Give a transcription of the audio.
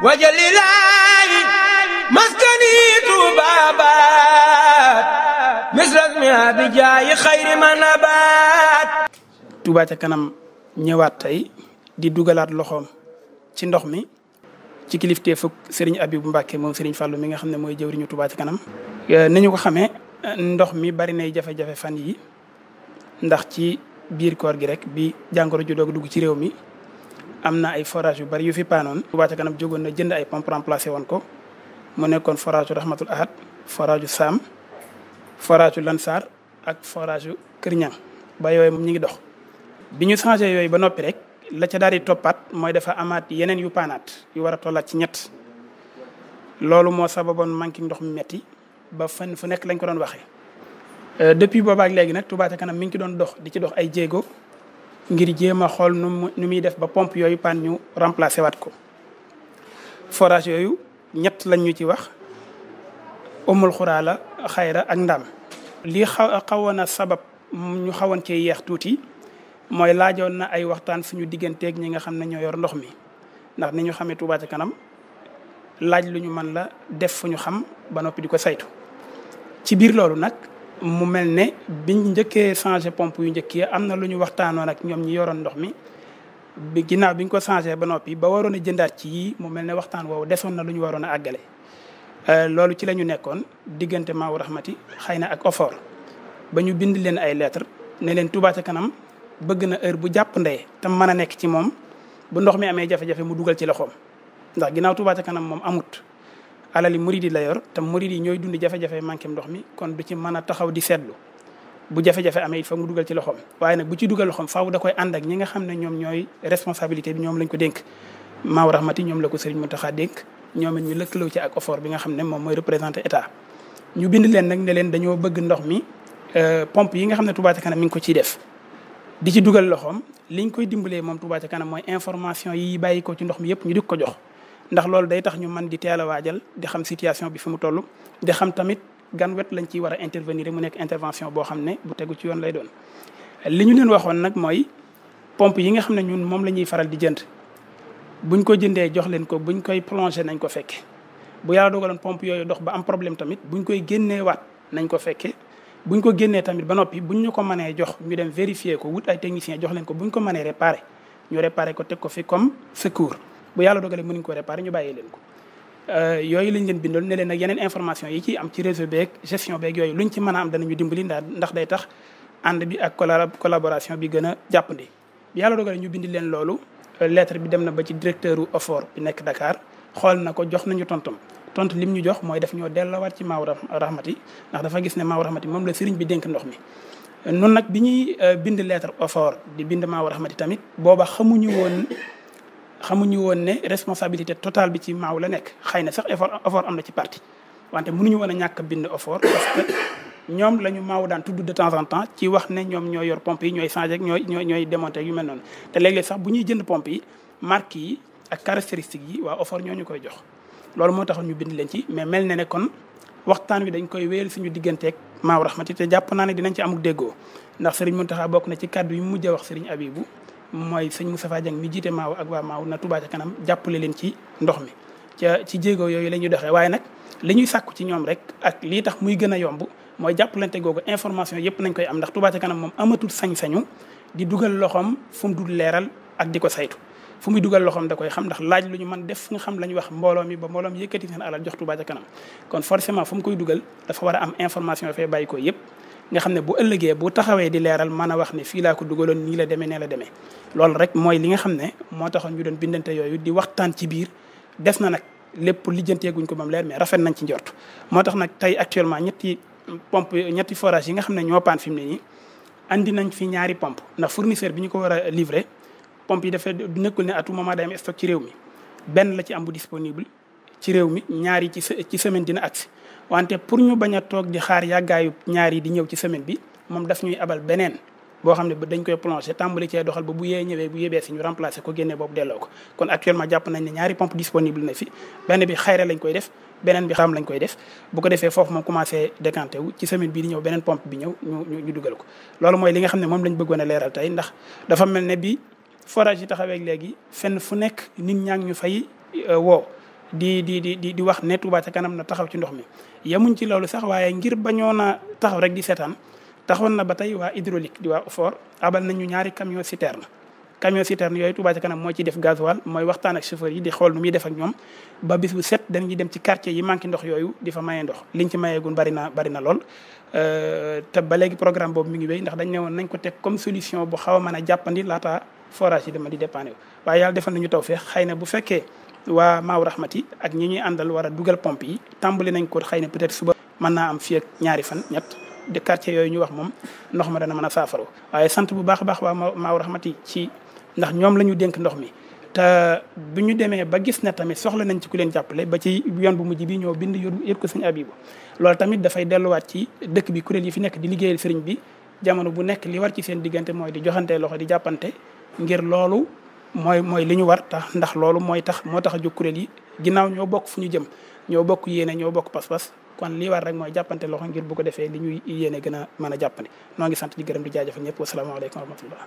wajalilaayi maskani tuubaabaat misrasmi abijaayi xayri manabaat Touba ca kanam ñëwaat tey di dugalaat loxoom ci ndox mi ci kiliftee fukk Serigne Abibou Mbacke moom Serigne Fallou mi nga xam ne mooy jëwriñu Touba ca kanam euh, ni ñu ko xamee ndox mi bari nay jafe-jafe fan yi ndax ci biir koor gi rek bi jàngoro ju doog dugg ci réew mi am na ay forage yu bari yu fi paanoon Touba ca kanam jógoon na jënd ay pompe remplacé woon ko mu nekkoon forage u Rahmatul Ahad forage u Saam forage u Lansar ak forage u Kër ba yooyu moom ñu ngi dox bi ñu changé yooyu ba noppi rek la ca daal di toppaat mooy dafa amaat yeneen yu paanaat yu war a tollaat ci ñett loolu moo sababoon manqué ndox mi metti ba fan fu nekk lañ ko doon waxee euh, depuis boobaak léegi nag Touba ca kanam mi ngi ci doon dox di ci dox ay jéego ngir jéem a xool nu nu muy def ba pompe yooyu pan ñu remplacer waat ko forage yooyu ñett lañ ñu ci wax umul xuraa la xayra ak ndaam lii xaw xawoon a sabab ñu xawoon ce yeex tuuti mooy laajoon na ay waxtaan suñu digganteeg ñi nga xam ne ñoo yor ndox mi ndax ni ñu xamee Touba kanam laaj lu ñu man la def fu ñu xam ba noppi di ko saytu ci biir loolu nag mu mel ne biñ njëkkee changé pompe yu njëkk yi am na lu ñu waxtaanoon ak ñoom ñi yoroon ndox mi bi ginaaw bi ñu ko changé ba noppi ba waroon a jëndaat ci yii mu mel ne waxtaan woowu desoon na lu ñu waroon a àggale. Euh, loolu ci la ñu nekkoon diggante Maawu Rahmati xëy na ak OFOR ba ñu bind leen ay lettre ne leen Touba ca kanam bëgg na heure bu jàpp ndey tam mën a nekk ci moom bu ndox mi amee jafe-jafe mu dugal ci loxoom ndax ginnaaw Touba moom amut. alali murid yi la yor te murid yi ñooy dund jafe-jafe manqué ndox mi kon du ci mën a taxaw di seetlu bu jafe-jafe amee il faut mu dugal ci loxoom waaye nag bu ci dugal loxoom faaw da koy ànd ñi nga xam ne ñoom ñooy responsabilité bi ñoom lañ ko dénk maaw rahmati ñoom la ko sëriñ Mountakha dénk ñoom it ñu lëkkaloo ci ak effort bi nga xam ne moom mooy représenté état ñu bind leen nag ne leen dañoo bëgg ndox mi euh, pompe yi nga xam ne Touba ca kanam mi ngi ko ciy def di ci dugal loxoom liñ koy dimbalee moom Touba kanam mooy information yi bàyyi ko ci ndox mi yëpp ñu dik ko jox ndax loolu day tax ñu man di teel a waajal di xam situation bi fi mu toll di xam tamit gan wet lañ ciy war a intervenir mu nekk intervention boo xam ne bu tegu ci yoon lay doon. li ñu leen waxoon nag mooy pompe yi nga xam ne ñun moom la ñuy faral di jënd buñ ko jëndee jox leen ko buñ koy plongé nañ ko fekke bu yàlla dogaloon pompe yooyu dox ba am problème tamit buñ koy génnee waat nañ ko fekke buñ ko génnee tamit ba noppi buñ ñu ko mënee jox ñu dem vérifier ko wut ay technicien jox leen ko buñ ko mënee réparé ñu réparé ko teg ko fi comme secours. bu yàlla dogalee mënuñ ko réparer ñu bàyyi leen ko euh, yooyu lañ leen bindoon ne yeneen information yi ci am ci réseau beeg gestion beeg yooyu luñ ci mën a am danañu dimbali ndax day tax ànd bi ak collaboration bi gën a jàppandi bu yàlla dogalee ñu bindi leen loolu euh, lettre bi dem na ba ci directeur u bi nekk Dakar xool na ko jox nañu tontam tontu lim ñu jox mooy def ñoo delloowaat ci maaw rahmati ndax dafa gis ne maaw rahmati moom la sëriñ bi dénk ndox mi nun nag bi ñuy euh, bind lettre OFOR di bind maaw rahmati tamit xamuñu woon ne responsabilité totale bi ci maaw la nekk xëy na sax effort effort am na ci parti wante mënuñu woon a ñàkk bind effort parce ñoom la ñu maaw daan tudd de temps en temps ci wax ne ñoom ñooy yor pompe yi ñooy changé ñooy ñooy ñooy démonté yu mel noon te léeg sax bu ñuy jënd pompe yi marque yi a caractéristiques yi waa effort ñoo ñu koy jox loolu moo taxoon ñu bind leen ci mais mel na ne kon waxtaan wi dañ koy wéyal suñu digganteeg maaw raxmati te jàpp naa ne dinañ ci amuk déggoo ndax Serigne Mountakha bokk na ci kàddu yu mujj a wax Serigne Abibou mooy sëñ Moustapha Dieng mi jiite maaw ak waa maaw na Touba kanam jàppale leen ci ndox mi ci jéego yooyu la ñuy doxee waaye nag li ñuy sàkku ci ñoom rek ak lii tax muy gën a yomb mooy jàppalante googu information yëpp nañ koy am ndax Touba kanam moom amatul sañ-sañu di dugal loxoom fu mu dul leeral ak di ko saytu fu muy dugal loxoom da koy xam ndax laaj lu ñu mën def fu nga xam la ñu wax mbooloo mi ba mbooloo mi yëkkati seen alal jox Touba ca kanam kon forcément fu mu koy dugal dafa war a am information bàyyi ko yëpp nga xam ne bu ëllëgee bu taxawee di leeral mën a wax ne fii laa ko dugaloon nii la demee nee la demee loolu rek mooy li nga xam ne moo taxoon ñu doon bindante yooyu di waxtaan ci biir des na nag lépp lijjanteeguñ ko moom leer mais rafet nañ ci njort moo tax nag tey actuellement ñetti pompe ñetti forage yi nga xam ne ñoo paan fi nii andi nañ fi ñaari pompe ndax fournisseur bi ñu ko war a livré pompe yi dafa nekkul ne à tout moment day am stock ci réew mi benn la ci am bu disponible ci réew mi ñaari ci ci semaine dina agsi wante pour ñu baña toog di xaar yàggaayu ñaar yi di ñëw ci semaine bi moom daf ñuy abal beneen boo xam ne dañ koy plongé tàmbali cee doxal ba bu yee ñëwee bu yebee si ñu remplacé ko génnee boobu delloo ko kon actuellement jàpp nañ ne ñaari pompe disponible na fi benn bi xayra lañ koy def beneen bi xam lañ koy def bu ko defee foofu moom commencé décanté wu ci semaine bi di ñëw beneen pompe bi ñëw ñu ñu dugal ko loolu mooy li nga xam ne moom lañ bëggoon a leeral tey dafa mel ne bi forage yi taxaweeg léegi fenn fu nekk nit ñaa ñu fay euh, woo di di di di wax ne Touba ca kanam na taxaw ci ndox mi yemuñ ci loolu sax waaye ngir bañoon a taxaw rek di seetaan taxoon na ba tey waa hydraulique di waa OFOR abal nañu ñaari camion citerne camion citerne yooyu Touba ca kanam moo ciy def gasoil mooy waxtaan ak chauffeur yi di xool nu muy def ak ñoom ba bis bu set yi dem ci quartier yi manqué ndox yooyu di fa maye ndox liñ ci mayeegun bari na bari na lool euh, te ba léegi programme boobu mi ngi wéy ndax dañ ne woon ko teg comme solution bu xaw a mën a jàppandi laata forage yi dama di dépanné waaye yàlla na bu fekkee waa maaw rahmati ak ñi ñuy àndal wara a dugal pompe yi tàmbali nañ ko xëy na peut-être suba mën naa am fii ñaari fan ñett di quartier yooyu ñu wax moom ndox ma dana mën a saafaro waaye sant bu baax a baax waa maaw raxmati ci ndax ñoom la ñu dénk ndox mi te bu ñu demee ba gis ne tamit soxla nañ ci ku leen jàppale ba ci yoon bu mujj bi ñoo bind yët ko sëñ Abibu loolu tamit dafay delluwaat ci dëkk bi kuréel yi fi nekk di liggéeyal sëriñ bi jamono bu nekk li war ci seen diggante mooy di joxante loxo di jàppante ngir loolu mooy mooy li ñu war tax ndax loolu mooy tax moo tax a jóg kuréel yi ginnaaw ñoo bokk fu ñu jëm ñoo bokk yéene ñoo bokk pas-pas kon li war rek mooy jàppante loxo ngir bu ko defee li ñuy yéene gën a mën a jàppandi noo ngi sant di gërëm di jaajëfal ñëpp wasalaamaaleykum wa rahmatullah